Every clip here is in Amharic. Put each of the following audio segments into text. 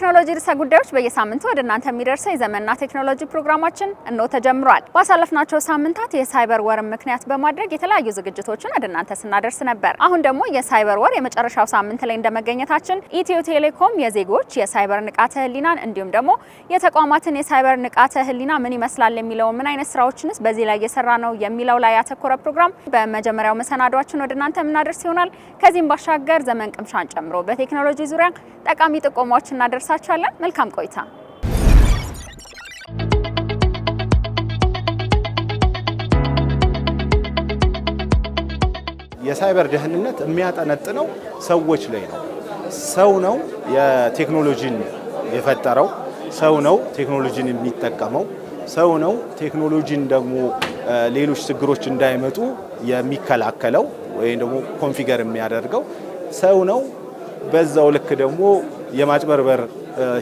የቴክኖሎጂ ርዕሰ ጉዳዮች በየሳምንቱ ወደ እናንተ የሚደርሰው የዘመንና ቴክኖሎጂ ፕሮግራማችን እንሆ ተጀምሯል። ባሳለፍናቸው ሳምንታት የሳይበር ወር ምክንያት በማድረግ የተለያዩ ዝግጅቶችን ወደ እናንተ ስናደርስ ነበር። አሁን ደግሞ የሳይበር ወር የመጨረሻው ሳምንት ላይ እንደመገኘታችን ኢትዮ ቴሌኮም የዜጎች የሳይበር ንቃተ ህሊናን እንዲሁም ደግሞ የተቋማትን የሳይበር ንቃተ ህሊና ምን ይመስላል የሚለውን ምን አይነት ስራዎችንስ በዚህ ላይ እየሰራ ነው የሚለው ላይ ያተኮረ ፕሮግራም በመጀመሪያው መሰናዷችን ወደ እናንተ የምናደርስ ይሆናል። ከዚህም ባሻገር ዘመን ቅምሻን ጨምሮ በቴክኖሎጂ ዙሪያ ጠቃሚ ጥቆማዎች እናደርሳለን። እናደርሳችኋለን። መልካም ቆይታ። የሳይበር ደህንነት የሚያጠነጥነው ሰዎች ላይ ነው። ሰው ነው የቴክኖሎጂን የፈጠረው፣ ሰው ነው ቴክኖሎጂን የሚጠቀመው፣ ሰው ነው ቴክኖሎጂን ደግሞ ሌሎች ችግሮች እንዳይመጡ የሚከላከለው ወይም ደግሞ ኮንፊገር የሚያደርገው ሰው ነው በዛው ልክ ደግሞ የማጭበርበር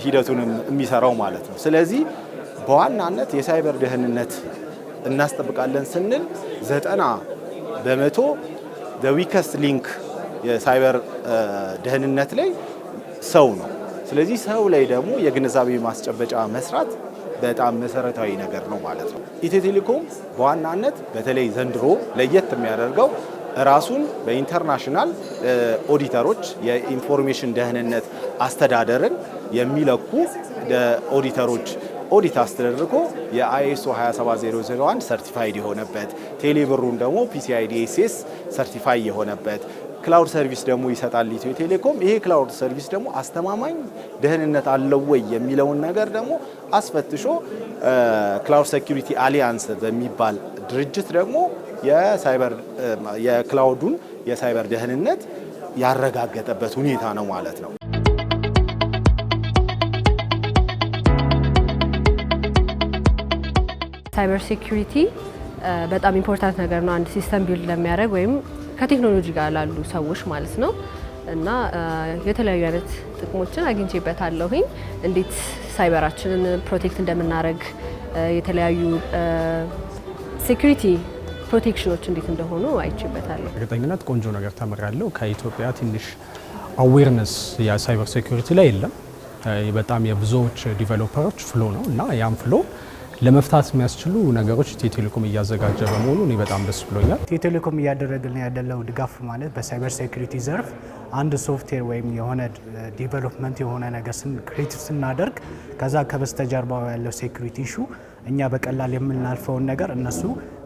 ሂደቱንም የሚሰራው ማለት ነው። ስለዚህ በዋናነት የሳይበር ደህንነት እናስጠብቃለን ስንል ዘጠና በመቶ ዊከስት ሊንክ የሳይበር ደህንነት ላይ ሰው ነው። ስለዚህ ሰው ላይ ደግሞ የግንዛቤ ማስጨበጫ መስራት በጣም መሰረታዊ ነገር ነው ማለት ነው። ኢትዮ ቴሌኮም በዋናነት በተለይ ዘንድሮ ለየት የሚያደርገው ራሱን በኢንተርናሽናል ኦዲተሮች የኢንፎርሜሽን ደህንነት አስተዳደርን የሚለኩ ኦዲተሮች ኦዲት አስተደርጎ የአይኤስኦ 27001 ሰርቲፋይድ የሆነበት ቴሌብሩን ደግሞ ፒሲአይ ዲኤስኤስ ሰርቲፋይ የሆነበት ክላውድ ሰርቪስ ደግሞ ይሰጣል ኢትዮ ቴሌኮም። ይሄ ክላውድ ሰርቪስ ደግሞ አስተማማኝ ደህንነት አለው ወይ የሚለውን ነገር ደግሞ አስፈትሾ ክላውድ ሴኩሪቲ አሊያንስ በሚባል ድርጅት ደግሞ የሳይበር የክላውዱን የሳይበር ደህንነት ያረጋገጠበት ሁኔታ ነው ማለት ነው። ሳይበር ሴኩሪቲ በጣም ኢምፖርታንት ነገር ነው። አንድ ሲስተም ቢልድ ለሚያደርግ ወይም ከቴክኖሎጂ ጋር ላሉ ሰዎች ማለት ነው እና የተለያዩ አይነት ጥቅሞችን አለሁኝ። እንዴት ሳይበራችንን ፕሮቴክት እንደምናደርግ የተለያዩ ሴኩሪቲ ፕሮቴክሽኖች እንዴት እንደሆኑ አይችበታለሁ። እርግጠኝነት ቆንጆ ነገር ተምራለሁ። ከኢትዮጵያ ትንሽ አዌርነስ የሳይበር ሴኩሪቲ ላይ የለም። በጣም የብዙዎች ዲቨሎፐሮች ፍሎ ነው እና ያም ፍሎ ለመፍታት የሚያስችሉ ነገሮች ቴቴሌኮም እያዘጋጀ በመሆኑ እኔ በጣም ደስ ብሎኛል። ቴቴሌኮም እያደረግልን ያደለው ድጋፍ ማለት በሳይበር ሴኩሪቲ ዘርፍ አንድ ሶፍትዌር ወይም የሆነ ዲቨሎፕመንት የሆነ ነገር ክሬት ስናደርግ ከዛ ከበስተጀርባው ያለው ሴኩሪቲ ኢሹ እኛ በቀላል የምናልፈውን ነገር እነሱ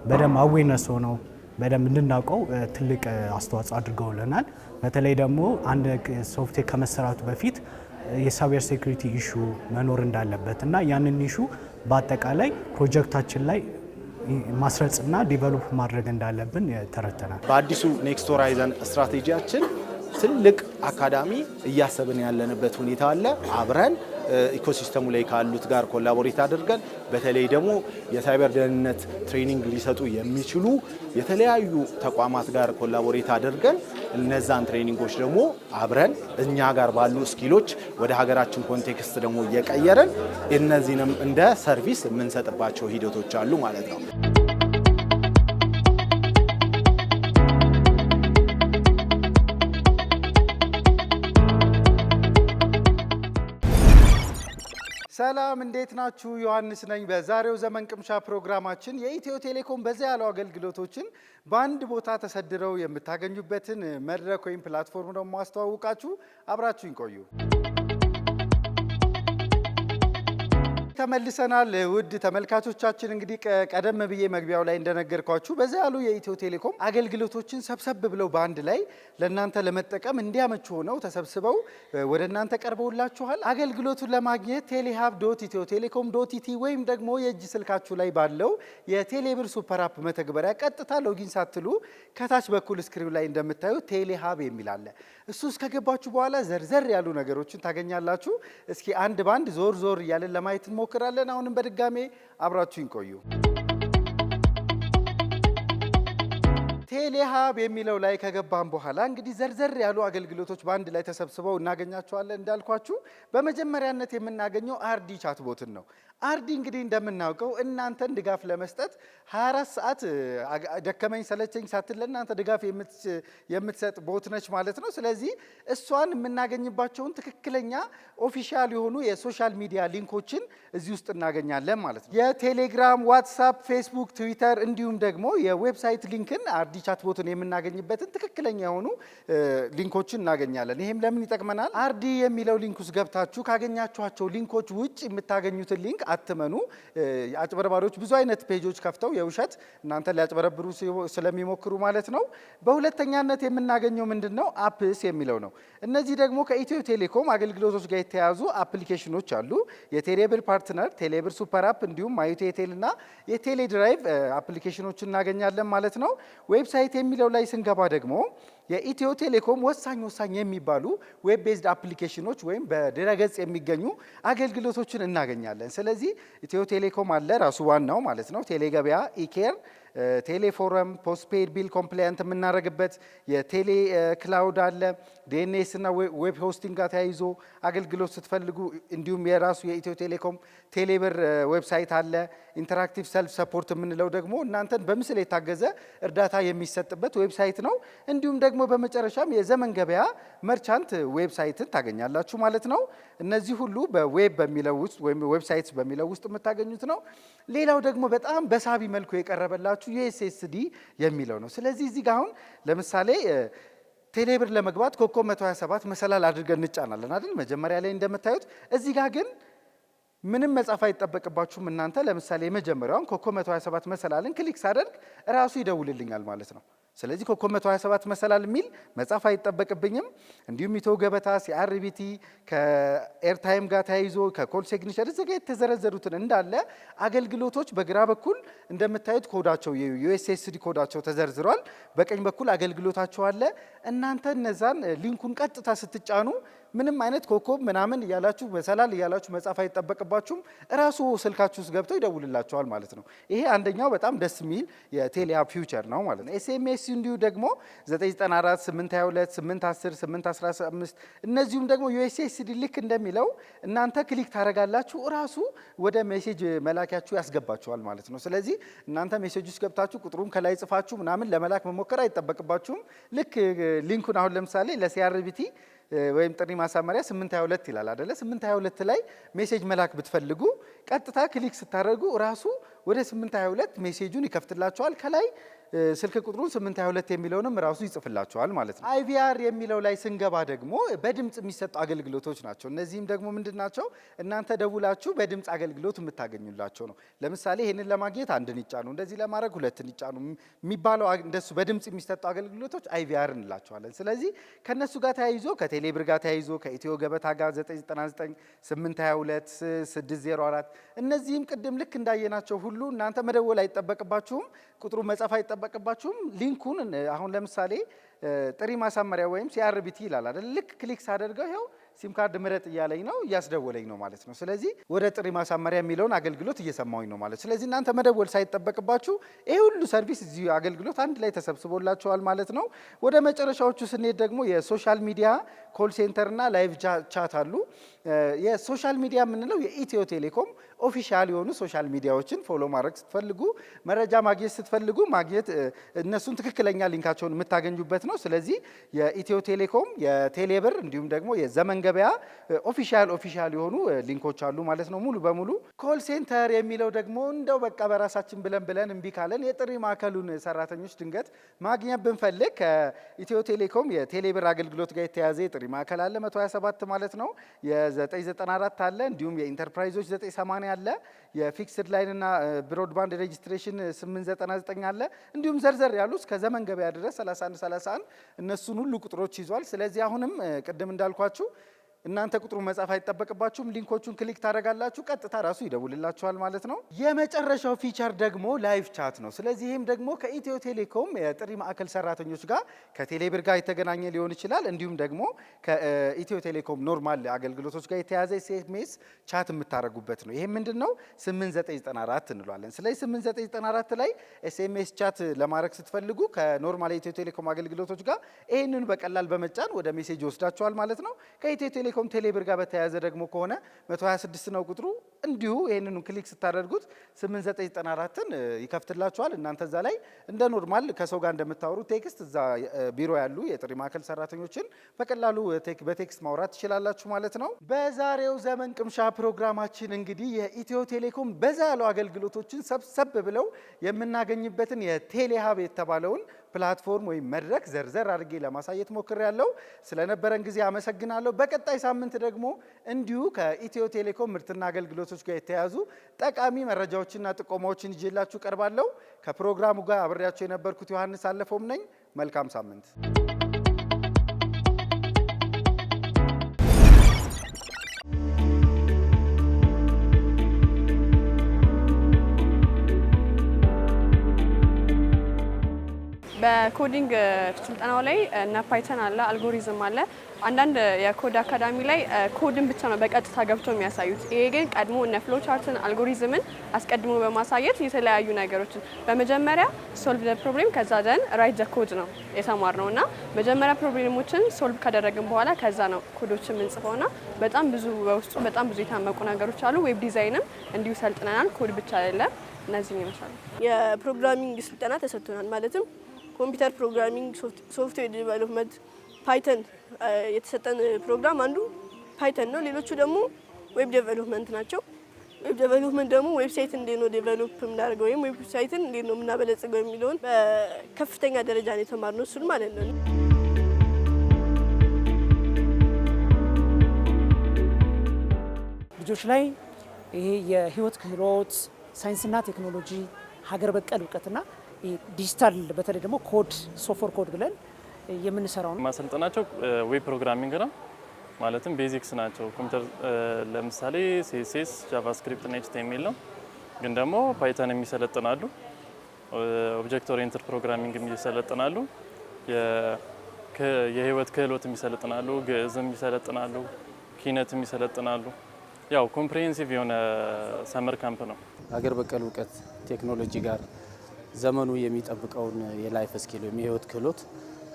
በደንብ አዌነስ ሆነው በደንብ እንድናውቀው ትልቅ አስተዋጽኦ አድርገውልናል። በተለይ ደግሞ አንድ ሶፍትዌር ከመሰራቱ በፊት የሳይበር ሴኩሪቲ ኢሹ መኖር እንዳለበት እና ያንን ኢሹ በአጠቃላይ ፕሮጀክታችን ላይ ማስረጽና ዲቨሎፕ ማድረግ እንዳለብን ተረድተናል። በአዲሱ ኔክስት ሆራይዘን ስትራቴጂያችን ትልቅ አካዳሚ እያሰብን ያለንበት ሁኔታ አለ አብረን ኢኮሲስተሙ ላይ ካሉት ጋር ኮላቦሬት አድርገን በተለይ ደግሞ የሳይበር ደህንነት ትሬኒንግ ሊሰጡ የሚችሉ የተለያዩ ተቋማት ጋር ኮላቦሬት አድርገን እነዛን ትሬኒንጎች ደግሞ አብረን እኛ ጋር ባሉ ስኪሎች ወደ ሀገራችን ኮንቴክስት ደግሞ እየቀየረን እነዚህንም እንደ ሰርቪስ የምንሰጥባቸው ሂደቶች አሉ ማለት ነው። ሰላም እንዴት ናችሁ? ዮሐንስ ነኝ። በዛሬው ዘመን ቅምሻ ፕሮግራማችን የኢትዮ ቴሌኮም በዛ ያለው አገልግሎቶችን በአንድ ቦታ ተሰድረው የምታገኙበትን መድረክ ወይም ፕላትፎርም ደግሞ አስተዋውቃችሁ አብራችሁ ይቆዩ። ተመልሰናል ውድ ተመልካቾቻችን። እንግዲህ ቀደም ብዬ መግቢያው ላይ እንደነገርኳችሁ በዛ ያሉ የኢትዮ ቴሌኮም አገልግሎቶችን ሰብሰብ ብለው በአንድ ላይ ለእናንተ ለመጠቀም እንዲያመቹ ሆነው ተሰብስበው ወደ እናንተ ቀርበውላችኋል። አገልግሎቱን ለማግኘት ቴሌሃብ ዶት ኢትዮ ቴሌኮም ዶት ኢቲ ወይም ደግሞ የእጅ ስልካችሁ ላይ ባለው የቴሌብር ሱፐር አፕ መተግበሪያ ቀጥታ ሎጊን ሳትሉ ከታች በኩል ስክሪኑ ላይ እንደምታዩ ቴሌሃብ የሚል አለ። እሱ እስከገባችሁ ከገባችሁ በኋላ ዘርዘር ያሉ ነገሮችን ታገኛላችሁ። እስኪ አንድ ባንድ ዞር ዞር እያለን ለማየት እንሞክር። እንሞክራለን። አሁንም በድጋሜ አብራችሁ ይቆዩ። ቴሌሃብ የሚለው ላይ ከገባን በኋላ እንግዲህ ዘርዘር ያሉ አገልግሎቶች በአንድ ላይ ተሰብስበው እናገኛቸዋለን። እንዳልኳችሁ በመጀመሪያነት የምናገኘው አርዲ ቻትቦትን ነው። አርዲ እንግዲህ እንደምናውቀው እናንተን ድጋፍ ለመስጠት 24 ሰዓት ደከመኝ ሰለቸኝ ሳትል ለእናንተ ድጋፍ የምትሰጥ ቦት ነች ማለት ነው። ስለዚህ እሷን የምናገኝባቸውን ትክክለኛ ኦፊሻል የሆኑ የሶሻል ሚዲያ ሊንኮችን እዚህ ውስጥ እናገኛለን ማለት ነው። የቴሌግራም፣ ዋትሳፕ፣ ፌስቡክ፣ ትዊተር እንዲሁም ደግሞ የዌብሳይት ሊንክን አርዲ ቻትቦትን የምናገኝበትን ትክክለኛ የሆኑ ሊንኮችን እናገኛለን። ይህም ለምን ይጠቅመናል? አርዲ የሚለው ሊንክ ውስጥ ገብታችሁ ካገኛችኋቸው ሊንኮች ውጭ የምታገኙትን ሊንክ አትመኑ። አጭበርባሪዎች ብዙ አይነት ፔጆች ከፍተው የውሸት እናንተ ሊያጭበረብሩ ስለሚሞክሩ ማለት ነው። በሁለተኛነት የምናገኘው ምንድን ነው? አፕስ የሚለው ነው። እነዚህ ደግሞ ከኢትዮ ቴሌኮም አገልግሎቶች ጋር የተያያዙ አፕሊኬሽኖች አሉ። የቴሌብር ፓርትነር፣ ቴሌብር ሱፐር አፕ እንዲሁም ማዩቴቴል እና የቴሌድራይቭ አፕሊኬሽኖች እናገኛለን ማለት ነው። ዌብሳይት የሚለው ላይ ስንገባ ደግሞ የኢትዮ ቴሌኮም ወሳኝ ወሳኝ የሚባሉ ዌብ ቤዝድ አፕሊኬሽኖች ወይም በድረገጽ የሚገኙ አገልግሎቶችን እናገኛለን። ስለዚህ ኢትዮ ቴሌኮም አለ ራሱ ዋናው ማለት ነው። ቴሌገበያ፣ ኢኬር ቴሌፎረም ፖስትፔድ ቢል ኮምፕላያንት የምናደርግበት የቴሌ ክላውድ አለ። ዲኤንኤስ እና ዌብ ሆስቲንግ ጋር ተያይዞ አገልግሎት ስትፈልጉ እንዲሁም የራሱ የኢትዮ ቴሌኮም ቴሌብር ዌብሳይት አለ። ኢንተራክቲቭ ሰልፍ ሰፖርት የምንለው ደግሞ እናንተን በምስል የታገዘ እርዳታ የሚሰጥበት ዌብሳይት ነው። እንዲሁም ደግሞ በመጨረሻም የዘመን ገበያ መርቻንት ዌብሳይትን ታገኛላችሁ ማለት ነው። እነዚህ ሁሉ በዌብ በሚለው ውስጥ ወይም ዌብሳይት በሚለው ውስጥ የምታገኙት ነው። ሌላው ደግሞ በጣም በሳቢ መልኩ የቀረበላችሁ ዩኤስኤስዲ የሚለው ነው። ስለዚህ እዚህ ጋር አሁን ለምሳሌ ቴሌብር ለመግባት ኮኮ 127 መሰላል አድርገን እንጫናለን አይደል? መጀመሪያ ላይ እንደምታዩት እዚህ ጋር ግን ምንም መጻፍ አይጠበቅባችሁም እናንተ። ለምሳሌ የመጀመሪያውን ኮኮ 127 መሰላልን ክሊክ ሳደርግ እራሱ ይደውልልኛል ማለት ነው። ስለዚህ ኮከብ 127 መሰላል የሚል መጻፍ አይጠበቅብኝም። እንዲሁም ኢትዮ ገበታ ሲአርቢቲ ከኤርታይም ጋር ተያይዞ ከኮንሴግኒቸር እዚህ ጋር የተዘረዘሩትን እንዳለ አገልግሎቶች በግራ በኩል እንደምታዩት ኮዳቸው የዩኤስኤስዲ ኮዳቸው ተዘርዝሯል። በቀኝ በኩል አገልግሎታቸው አለ። እናንተ እነዛን ሊንኩን ቀጥታ ስትጫኑ ምንም አይነት ኮከብ ምናምን እያላችሁ መሰላል እያላችሁ መጻፍ አይጠበቅባችሁም። እራሱ ስልካችሁ ውስጥ ገብተው ይደውልላቸዋል ማለት ነው። ይሄ አንደኛው በጣም ደስ የሚል የቴሌ ፊውቸር ነው ማለት ነው። ኤስኤምኤስ እንዲሁ ደግሞ 994፣ 822፣ 810፣ 815 እነዚሁም ደግሞ ዩኤስኤስዲ ልክ እንደሚለው እናንተ ክሊክ ታደርጋላችሁ እራሱ ወደ ሜሴጅ መላኪያችሁ ያስገባችኋል ማለት ነው። ስለዚህ እናንተ ሜሴጅ ውስጥ ገብታችሁ ቁጥሩን ከላይ ጽፋችሁ ምናምን ለመላክ መሞከር አይጠበቅባችሁም። ልክ ሊንኩን አሁን ለምሳሌ ለሲአርቢቲ ወይም ጥሪ ማሳመሪያ 822 ይላል አደለ? 822 ላይ ሜሴጅ መላክ ብትፈልጉ ቀጥታ ክሊክ ስታደርጉ ራሱ ወደ 822 ሜሴጁን ይከፍትላችኋል። ከላይ ስልክ ቁጥሩን 822 የሚለውንም ራሱ ይጽፍላችኋል ማለት ነው። አይቪአር የሚለው ላይ ስንገባ ደግሞ በድምፅ የሚሰጡ አገልግሎቶች ናቸው። እነዚህም ደግሞ ምንድን ናቸው? እናንተ ደውላችሁ በድምፅ አገልግሎት የምታገኙላቸው ነው። ለምሳሌ ይህንን ለማግኘት አንድን ይጫኑ፣ እንደዚህ ለማድረግ ሁለትን ይጫኑ የሚባለው እንደሱ በድምፅ የሚሰጡ አገልግሎቶች አይቪአር እንላቸዋለን። ስለዚህ ከእነሱ ጋር ተያይዞ ከቴሌብር ጋር ተያይዞ ከኢትዮ ገበታ ጋር 999 822 604 እነዚህም ቅድም ልክ እንዳየናቸው ሁሉ እናንተ መደወል አይጠበቅባችሁም። ቁጥሩ መጻፍ አይጠበቅ አይጠበቅባችሁም። ሊንኩን አሁን ለምሳሌ ጥሪ ማሳመሪያ ወይም ሲአርቢቲ ይላል አይደል? ልክ ክሊክ ሳደርገው ይኸው ሲም ካርድ ምረጥ እያለኝ ነው፣ እያስደወለኝ ነው ማለት ነው። ስለዚህ ወደ ጥሪ ማሳመሪያ የሚለውን አገልግሎት እየሰማሁኝ ነው ማለት። ስለዚህ እናንተ መደወል ሳይጠበቅባችሁ ይህ ሁሉ ሰርቪስ እዚህ አገልግሎት አንድ ላይ ተሰብስቦላችኋል ማለት ነው። ወደ መጨረሻዎቹ ስንሄድ ደግሞ የሶሻል ሚዲያ ኮል ሴንተርና ላይቭ ቻት አሉ። የሶሻል ሚዲያ የምንለው የኢትዮ ቴሌኮም ኦፊሻል የሆኑ ሶሻል ሚዲያዎችን ፎሎ ማድረግ ስትፈልጉ፣ መረጃ ማግኘት ስትፈልጉ ማግኘት እነሱን ትክክለኛ ሊንካቸውን የምታገኙበት ነው። ስለዚህ የኢትዮ ቴሌኮም የቴሌብር እንዲሁም ደግሞ የዘመን ገበያ ኦፊሻል ኦፊሻል የሆኑ ሊንኮች አሉ ማለት ነው ሙሉ በሙሉ ኮል ሴንተር የሚለው ደግሞ እንደው በቃ በራሳችን ብለን ብለን እምቢ ካለን የጥሪ ማዕከሉን ሰራተኞች ድንገት ማግኘት ብንፈልግ ከኢትዮ ቴሌኮም የቴሌብር አገልግሎት ጋር የተያዘ የጥሪ ማዕከል አለ 127 ማለት ነው የ994 አለ እንዲሁም የኢንተርፕራይዞች 98 አለ የፊክስድ ላይን እና ብሮድባንድ ሬጅስትሬሽን 899 አለ እንዲሁም ዘርዘር ያሉ እስከ ዘመን ገበያ ድረስ 3131 እነሱን ሁሉ ቁጥሮች ይዟል ስለዚህ አሁንም ቅድም እንዳልኳችሁ እናንተ ቁጥሩ መጻፍ አይጠበቅባችሁም። ሊንኮቹን ክሊክ ታደርጋላችሁ፣ ቀጥታ ራሱ ይደውልላችኋል ማለት ነው። የመጨረሻው ፊቸር ደግሞ ላይቭ ቻት ነው። ስለዚህ ይህም ደግሞ ከኢትዮ ቴሌኮም የጥሪ ማዕከል ሰራተኞች ጋር ከቴሌብር ጋር የተገናኘ ሊሆን ይችላል። እንዲሁም ደግሞ ከኢትዮ ቴሌኮም ኖርማል አገልግሎቶች ጋር የተያዘ ኤስኤምኤስ ቻት የምታደርጉበት ነው። ይሄ ምንድን ነው? 8994 እንሏለን። ስለዚህ 8994 ላይ ኤስኤምኤስ ቻት ለማድረግ ስትፈልጉ ከኖርማል የኢትዮ ቴሌኮም አገልግሎቶች ጋር ይህንን በቀላል በመጫን ወደ ሜሴጅ ይወስዳችኋል ማለት ነው። ከኢትዮ ከቴሌኮም ቴሌብር ጋር በተያያዘ ደግሞ ከሆነ 126 ነው ቁጥሩ። እንዲሁ ይህንኑ ክሊክ ስታደርጉት 8994ን ይከፍትላችኋል። እናንተ እዛ ላይ እንደ ኖርማል ከሰው ጋር እንደምታወሩ ቴክስት እዛ ቢሮ ያሉ የጥሪ ማዕከል ሰራተኞችን በቀላሉ በቴክስት ማውራት ትችላላችሁ ማለት ነው። በዛሬው ዘመን ቅምሻ ፕሮግራማችን እንግዲህ የኢትዮ ቴሌኮም በዛ ያሉ አገልግሎቶችን ሰብሰብ ብለው የምናገኝበትን የቴሌሀብ የተባለውን ፕላትፎርም ወይም መድረክ ዘርዘር አድርጌ ለማሳየት ያለው ስለነበረን ጊዜ አመሰግናለሁ። በቀጣይ ሳምንት ደግሞ እንዲሁ ከኢትዮ ቴሌኮም ምርትና አገልግሎቶች ጋር የተያያዙ ጠቃሚ መረጃዎችና ጥቆማዎችን ይዤላችሁ ቀርባለሁ። ከፕሮግራሙ ጋር አብሬያቸው የነበርኩት ዮሐንስ አለፎም ነኝ። መልካም ሳምንት በኮዲንግ ስልጠናው ላይ እነ ፓይተን አለ፣ አልጎሪዝም አለ። አንዳንድ የኮድ አካዳሚ ላይ ኮድን ብቻ ነው በቀጥታ ገብቶ የሚያሳዩት። ይሄ ግን ቀድሞ እነ ፍሎቻርትን አልጎሪዝምን አስቀድሞ በማሳየት የተለያዩ ነገሮችን በመጀመሪያ ሶልቭ ዘ ፕሮብሌም ከዛ ደን ራይት ዘ ኮድ ነው የተማር ነው እና መጀመሪያ ፕሮብሌሞችን ሶልቭ ካደረግን በኋላ ከዛ ነው ኮዶችን የምንጽፈው ና በጣም ብዙ በውስጡ በጣም ብዙ የታመቁ ነገሮች አሉ። ዌብ ዲዛይንም እንዲሁ ሰልጥነናል። ኮድ ብቻ አይደለም። እነዚህም ይመስላሉ። የፕሮግራሚንግ ስልጠና ተሰጥቶናል ማለትም ኮምፒውተር ፕሮግራሚንግ፣ ሶፍትዌር ዲቨሎፕመንት፣ ፓይተን የተሰጠን ፕሮግራም አንዱ ፓይተን ነው። ሌሎቹ ደግሞ ዌብ ዴቨሎፕመንት ናቸው። ዌብ ዴቨሎፕመንት ደግሞ ዌብሳይት እንዴት ነው ዴቨሎፕ የምናደርገው ወይም ዌብሳይትን እንዴት ነው የምናበለጽገው የሚለውን በከፍተኛ ደረጃ ነው የተማርነው እሱን ማለት ነው። ልጆች ላይ ይሄ የህይወት ክህሎት፣ ሳይንስና ቴክኖሎጂ፣ ሀገር በቀል እውቀትና ዲጂታል በተለይ ደግሞ ኮድ ሶፍትዌር ኮድ ብለን የምንሰራው ነው። ማሰልጠናቸው ዌብ ፕሮግራሚንግ ነው። ማለትም ቤዚክስ ናቸው ኮምፒውተር ለምሳሌ ሲኤስኤስ፣ ጃቫስክሪፕት እና ኤችቲኤምኤል ነው። ግን ደግሞ ፓይተን የሚሰለጥናሉ፣ ኦብጀክት ኦሪየንትድ ፕሮግራሚንግ የሚሰለጥናሉ፣ የህይወት ክህሎት የሚሰለጥናሉ፣ ግዕዝም ይሰለጥናሉ፣ ኪነትም ይሰለጥናሉ። ያው ኮምፕሬሄንሲቭ የሆነ ሰመር ካምፕ ነው። ሀገር በቀል እውቀት ቴክኖሎጂ ጋር ዘመኑ የሚጠብቀውን የላይፍ ስኪል ወይም የህይወት ክህሎት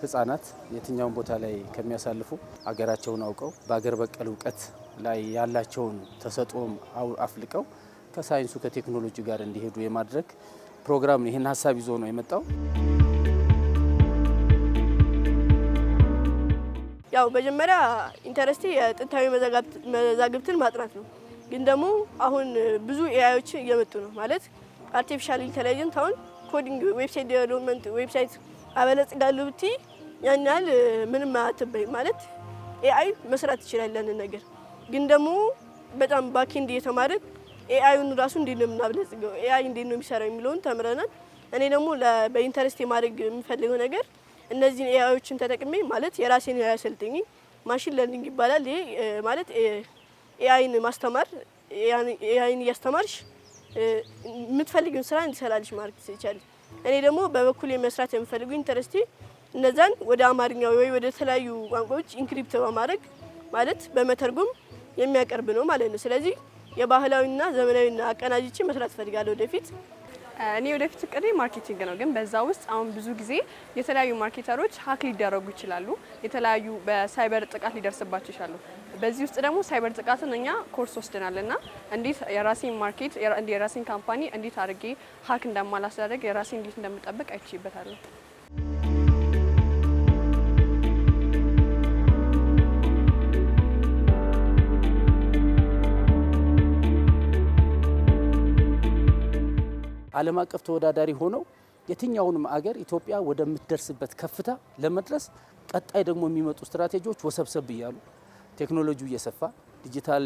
ህጻናት የትኛውን ቦታ ላይ ከሚያሳልፉ አገራቸውን አውቀው በአገር በቀል እውቀት ላይ ያላቸውን ተሰጥኦም አፍልቀው ከሳይንሱ ከቴክኖሎጂ ጋር እንዲሄዱ የማድረግ ፕሮግራም ነው። ይህን ሀሳብ ይዞ ነው የመጣው። ያው መጀመሪያ ኢንተረስቴ የጥንታዊ መዛግብትን ማጥናት ነው። ግን ደግሞ አሁን ብዙ ኤአዮች እየመጡ ነው ማለት አርቲፊሻል ኢንተለጀንት አሁን ኮዲንግ ዌብሳይት ዴቨሎፕመንት ዌብሳይት አበለጽጋለሁ ብትይ ያን ያህል ምንም አትበይ ማለት ኤአይ መስራት ይችላለን ነገር ግን ደግሞ በጣም ባኬንድ እየተማርን ኤአዩን ራሱ እንዴት ነው የምናበለጽገው ኤአይ እንዴት ነው የሚሰራው የሚለውን ተምረናል። እኔ ደግሞ በኢንተረስት የማድረግ የሚፈልገው ነገር እነዚህን ኤአዮችን ተጠቅሜ ማለት የራሴን ኤአይ አሰልጥኝ ማሽን ለርኒንግ ይባላል። ይሄ ማለት ኤአይን ማስተማር ኤአይን እያስተማርሽ የምትፈልጊውን ስራ እንዲሰራልሽ ማድረግ ትችያለሽ። እኔ ደግሞ በበኩል የመስራት የምፈልጉ ኢንተረስቲ እነዛን ወደ አማርኛ ወይ ወደ ተለያዩ ቋንቋዎች ኢንክሪፕት በማድረግ ማለት በመተርጎም የሚያቀርብ ነው ማለት ነው። ስለዚህ የባህላዊና ዘመናዊና አቀናጅቼ መስራት እፈልጋለሁ ወደፊት። እኔ ወደፊት እቅዴ ማርኬቲንግ ነው፣ ግን በዛ ውስጥ አሁን ብዙ ጊዜ የተለያዩ ማርኬተሮች ሀክ ሊደረጉ ይችላሉ። የተለያዩ በሳይበር ጥቃት ሊደርስባቸው ይችላሉ። በዚህ ውስጥ ደግሞ ሳይበር ጥቃትን እኛ ኮርስ ወስደናል እና እንዴት የራሴን ማርኬት የራሴን ካምፓኒ እንዴት አድርጌ ሀክ እንደማላስደረግ የራሴ እንዴት እንደምጠብቅ አይችይበታለሁ። ዓለም አቀፍ ተወዳዳሪ ሆነው የትኛውንም አገር ኢትዮጵያ ወደምትደርስበት ከፍታ ለመድረስ ቀጣይ ደግሞ የሚመጡ ስትራቴጂዎች ወሰብሰብ እያሉ ቴክኖሎጂው እየሰፋ ዲጂታል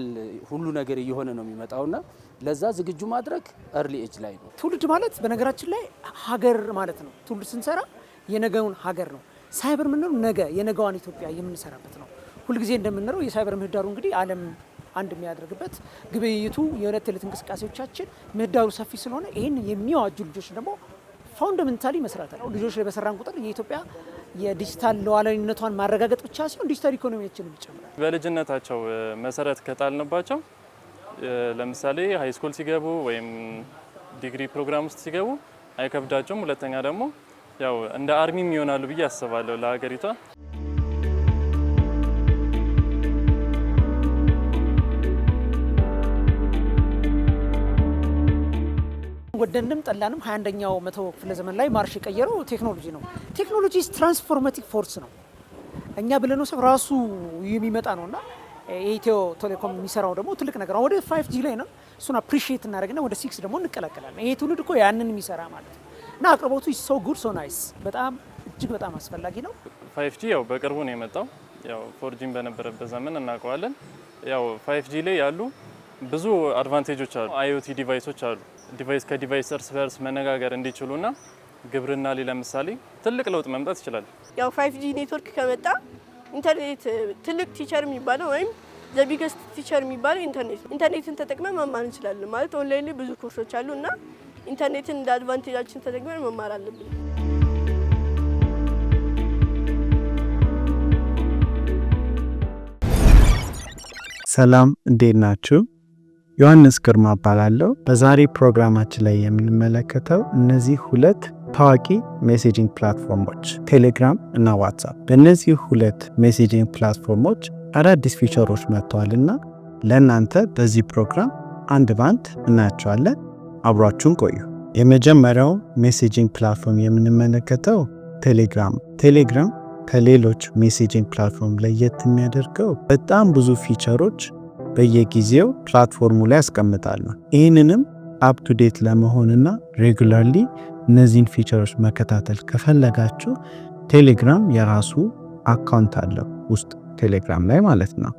ሁሉ ነገር እየሆነ ነው የሚመጣውና ለዛ ዝግጁ ማድረግ ርሊ ኤጅ ላይ ነው። ትውልድ ማለት በነገራችን ላይ ሀገር ማለት ነው። ትውልድ ስንሰራ የነገውን ሀገር ነው። ሳይበር ምንለው ነገ የነገዋን ኢትዮጵያ የምንሰራበት ነው። ሁልጊዜ እንደምንለው የሳይበር ምህዳሩ እንግዲህ ዓለም አንድ የሚያደርግበት ግብይቱ የሁለት ዕለት እንቅስቃሴዎቻችን ምህዳሩ ሰፊ ስለሆነ ይህን የሚዋጁ ልጆች ደግሞ ፋውንደመንታሊ መስራት ነው። ልጆች ላይ በሰራን ቁጥር የኢትዮጵያ የዲጂታል ለዋላዊነቷን ማረጋገጥ ብቻ ሲሆን ዲጂታል ኢኮኖሚያችን ይጨምራል። በልጅነታቸው መሰረት ከጣልንባቸው ለምሳሌ ሃይስኩል ሲገቡ ወይም ዲግሪ ፕሮግራም ውስጥ ሲገቡ አይከብዳቸውም። ሁለተኛ ደግሞ ያው እንደ አርሚም ይሆናሉ ብዬ አስባለሁ ለሀገሪቷ ወደንም ጠላንም 21ኛው መቶ ክፍለ ዘመን ላይ ማርሽ የቀየረው ቴክኖሎጂ ነው። ቴክኖሎጂ ትራንስፎርማቲቭ ፎርስ ነው። እኛ ብለነው ሰው ራሱ የሚመጣ ነው እና የኢትዮ ቴሌኮም የሚሰራው ደግሞ ትልቅ ነገር ነው። ወደ ፋይቭ ጂ ላይ ነው። እሱን አፕሪሺየት እናደርግና ወደ ሲክስ ደግሞ እንቀላቀላለን። ይሄ ትውልድ እኮ ያንን የሚሰራ ማለት ነው። እና አቅርቦቱ ሰው ጉድ ሶ ናይስ በጣም እጅግ በጣም አስፈላጊ ነው። ፋይቭ ጂ ያው በቅርቡ ነው የመጣው። ያው ፎር ጂን በነበረበት ዘመን እናውቀዋለን። ያው ፋይቭ ጂ ላይ ያሉ ብዙ አድቫንቴጆች አሉ። አይኦቲ ዲቫይሶች አሉ ዲቫይስ ከዲቫይስ እርስ በርስ መነጋገር እንዲችሉና ግብርና ላይ ለምሳሌ ትልቅ ለውጥ መምጣት ይችላል። ያው ፋይቭ ጂ ኔትወርክ ከመጣ ኢንተርኔት ትልቅ ቲቸር የሚባለው ወይም ዘቢገስት ቲቸር የሚባለው ኢንተርኔት ነው። ኢንተርኔትን ተጠቅመን መማር እንችላለን ማለት ኦንላይን ላይ ብዙ ኮርሶች አሉ እና ኢንተርኔትን እንደ አድቫንቴጃችን ተጠቅመን መማር አለብን። ሰላም እንዴት ናችሁ? ዮሐንስ ግርማ እባላለሁ። በዛሬ ፕሮግራማችን ላይ የምንመለከተው እነዚህ ሁለት ታዋቂ ሜሴጂንግ ፕላትፎርሞች ቴሌግራም እና ዋትሳፕ። በእነዚህ ሁለት ሜሴጂንግ ፕላትፎርሞች አዳዲስ ፊቸሮች መጥተዋልና ለእናንተ በዚህ ፕሮግራም አንድ ባንድ እናያቸዋለን። አብሯችሁን ቆዩ። የመጀመሪያው ሜሴጂንግ ፕላትፎርም የምንመለከተው ቴሌግራም። ቴሌግራም ከሌሎች ሜሴጂንግ ፕላትፎርም ለየት የሚያደርገው በጣም ብዙ ፊቸሮች በየጊዜው ፕላትፎርሙ ላይ ያስቀምጣሉ። ይህንንም አፕቱዴት ለመሆንና ሬጉላርሊ እነዚህን ፊቸሮች መከታተል ከፈለጋችሁ ቴሌግራም የራሱ አካውንት አለው ውስጥ ቴሌግራም ላይ ማለት ነው።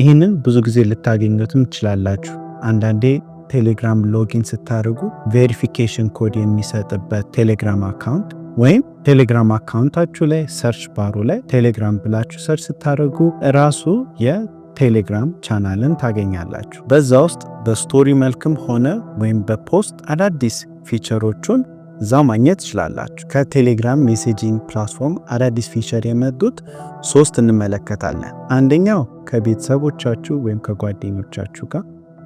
ይህንን ብዙ ጊዜ ልታገኙትም ትችላላችሁ። አንዳንዴ ቴሌግራም ሎጊን ስታደርጉ ቬሪፊኬሽን ኮድ የሚሰጥበት ቴሌግራም አካውንት ወይም ቴሌግራም አካውንታችሁ ላይ ሰርች ባሩ ላይ ቴሌግራም ብላችሁ ሰርች ስታደርጉ ራሱ ቴሌግራም ቻናልን ታገኛላችሁ። በዛ ውስጥ በስቶሪ መልክም ሆነ ወይም በፖስት አዳዲስ ፊቸሮቹን እዛ ማግኘት ትችላላችሁ። ከቴሌግራም ሜሴጂንግ ፕላትፎርም አዳዲስ ፊቸር የመጡት ሶስት እንመለከታለን። አንደኛው ከቤተሰቦቻችሁ ወይም ከጓደኞቻችሁ ጋር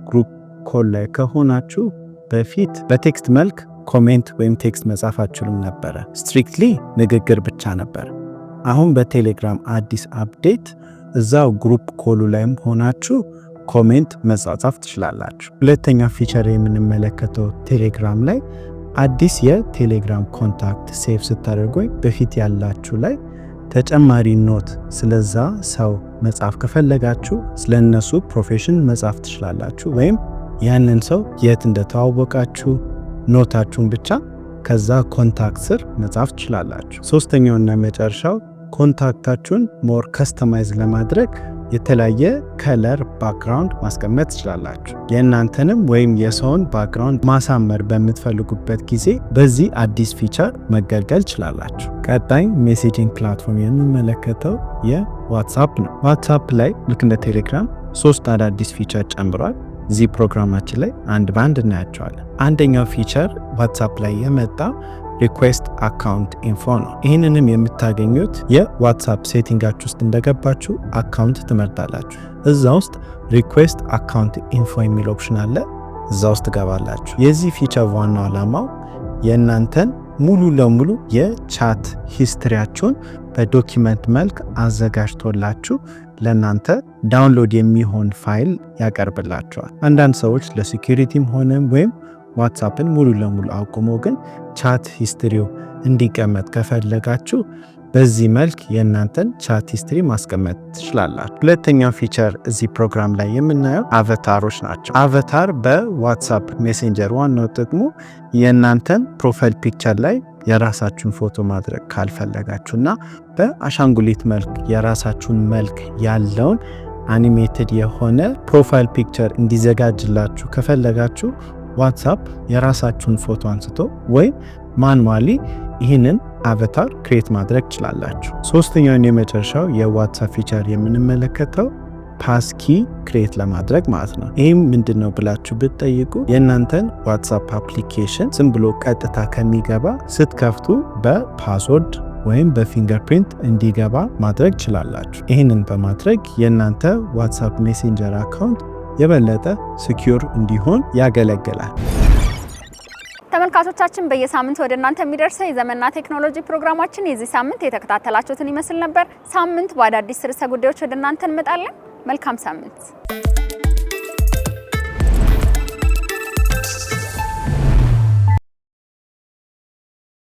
ግሩፕ ኮል ላይ ከሆናችሁ በፊት በቴክስት መልክ ኮሜንት ወይም ቴክስት መጻፍ አችሉም ነበረ። ስትሪክትሊ ንግግር ብቻ ነበር። አሁን በቴሌግራም አዲስ አፕዴት እዛው ግሩፕ ኮሉ ላይም ሆናችሁ ኮሜንት መጻጻፍ ትችላላችሁ። ሁለተኛ ፊቸር የምንመለከተው ቴሌግራም ላይ አዲስ የቴሌግራም ኮንታክት ሴቭ ስታደርጉኝ በፊት ያላችሁ ላይ ተጨማሪ ኖት ስለዛ ሰው መጻፍ ከፈለጋችሁ ስለነሱ ፕሮፌሽን መጻፍ ትችላላችሁ። ወይም ያንን ሰው የት እንደተዋወቃችሁ ኖታችሁን ብቻ ከዛ ኮንታክት ስር መጻፍ ትችላላችሁ። ሶስተኛውና መጨረሻው ኮንታክታችሁን ሞር ከስተማይዝ ለማድረግ የተለያየ ከለር ባክግራውንድ ማስቀመጥ ትችላላችሁ። የእናንተንም ወይም የሰውን ባክግራውንድ ማሳመር በምትፈልጉበት ጊዜ በዚህ አዲስ ፊቸር መገልገል ችላላችሁ። ቀጣይ ሜሴጂንግ ፕላትፎርም የምንመለከተው የዋትሳፕ ነው። ዋትሳፕ ላይ ልክ እንደ ቴሌግራም ሶስት አዳዲስ ፊቸር ጨምሯል። እዚህ ፕሮግራማችን ላይ አንድ በአንድ እናያቸዋለን። አንደኛው ፊቸር ዋትሳፕ ላይ የመጣ ሪኩዌስት አካውንት ኢንፎ ነው። ይህንንም የምታገኙት የዋትሳፕ ሴቲንጋች ውስጥ እንደገባችሁ አካውንት ትመርጣላችሁ። እዛ ውስጥ ሪኩዌስት አካውንት ኢንፎ የሚል ኦፕሽን አለ። እዛ ውስጥ ትገባላችሁ። የዚህ ፊቸር ዋናው ዓላማው የእናንተን ሙሉ ለሙሉ የቻት ሂስትሪያችሁን በዶኪመንት መልክ አዘጋጅቶላችሁ ለእናንተ ዳውንሎድ የሚሆን ፋይል ያቀርብላቸዋል። አንዳንድ ሰዎች ለሴኪሪቲም ሆነም ወይም ዋትሳፕን ሙሉ ለሙሉ አቁሞ ግን ቻት ሂስትሪው እንዲቀመጥ ከፈለጋችሁ በዚህ መልክ የእናንተን ቻት ሂስትሪ ማስቀመጥ ትችላላችሁ። ሁለተኛው ፊቸር እዚህ ፕሮግራም ላይ የምናየው አቫታሮች ናቸው። አቫታር በዋትሳፕ ሜሴንጀር ዋናው ጥቅሙ የእናንተን ፕሮፋይል ፒክቸር ላይ የራሳችሁን ፎቶ ማድረግ ካልፈለጋችሁ እና በአሻንጉሊት መልክ የራሳችሁን መልክ ያለውን አኒሜትድ የሆነ ፕሮፋይል ፒክቸር እንዲዘጋጅላችሁ ከፈለጋችሁ ዋትሳፕ የራሳችሁን ፎቶ አንስቶ ወይም ማንዋሊ ይህንን አቨታር ክሬት ማድረግ ትችላላችሁ። ሶስተኛውን የመጨረሻው የዋትሳፕ ፊቸር የምንመለከተው ፓስኪ ክሬት ለማድረግ ማለት ነው። ይህም ምንድን ነው ብላችሁ ብትጠይቁ የእናንተን ዋትሳፕ አፕሊኬሽን ዝም ብሎ ቀጥታ ከሚገባ ስትከፍቱ በፓስወርድ ወይም በፊንገርፕሪንት እንዲገባ ማድረግ ችላላችሁ። ይህንን በማድረግ የእናንተ ዋትሳፕ ሜሴንጀር አካውንት የበለጠ ስኪዩር እንዲሆን ያገለግላል። ተመልካቾቻችን በየሳምንቱ ወደ እናንተ የሚደርሰው የዘመንና ቴክኖሎጂ ፕሮግራማችን የዚህ ሳምንት የተከታተላችሁትን ይመስል ነበር። ሳምንት በአዳዲስ ርዕሰ ጉዳዮች ወደ እናንተ እንመጣለን። መልካም ሳምንት